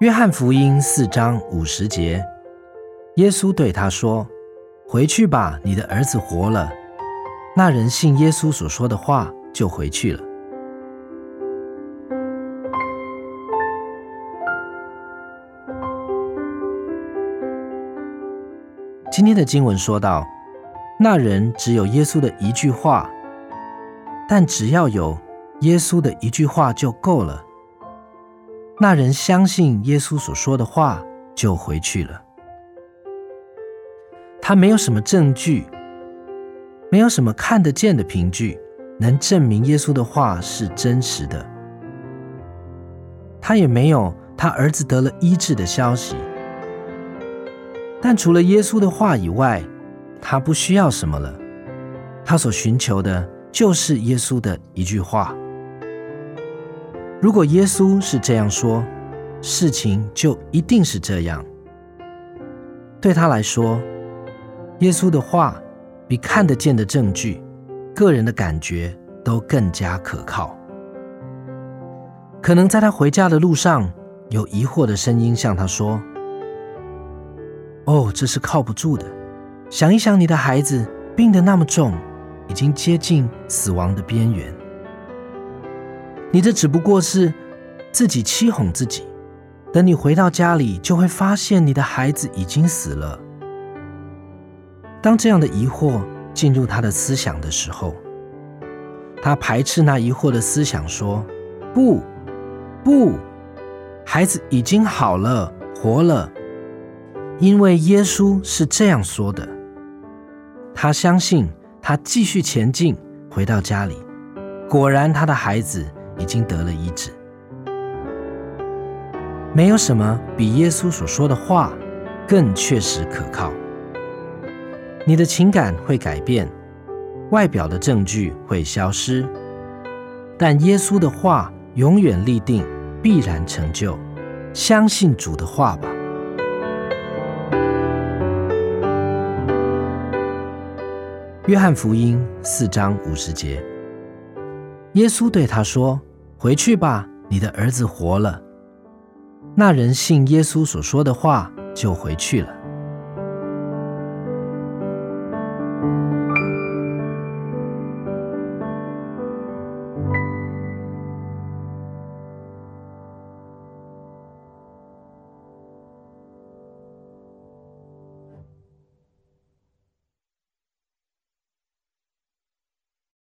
約翰福音四章五十節，耶穌對他說：“回去吧，你的兒子活了。”那人信耶穌所說的話，就回去了。今天的經文說到，那人只有耶穌的一句話，但只要有耶穌的一句話就夠了。那人相信耶穌所說的話，就回去了。他沒有什麼證據，沒有什麼看得見的憑據能證明耶穌的話是真實的。他也沒有他兒子得了醫治的消息。但除了耶穌的話以外，他不需要什麼了，他所尋求的就是耶穌的一句話。如果耶穌是這樣說，事情就一定是這樣。對他來說，耶穌的話比看得見的證據、個人的感覺都更加可靠。可能在他回家的路上，有疑惑的聲音向他說：“哦，這是靠不住的。想一想，你的孩子病得那麼重，已經接近死亡的邊緣。”你這只不過是自己欺哄自己。等你回到家裡，就會發現你的孩子已經死了。當這樣的疑惑進入他的思想的時候，他排斥那疑惑的思想，說：“不，不，孩子已經好了，活了，因為耶穌是這樣說的。”他相信，他繼續前進，回到家裡。果然，他的孩子。已經得了醫治。沒有什麼比耶穌所說的話更確實可靠。你的情感會改變，外表的證據會消失，但耶穌的話永遠立定，必然成就。相信主的話吧。約翰福音四章五十節，耶穌對他說。回去吧，你的兒子活了。那人信耶穌所說的話，就回去了。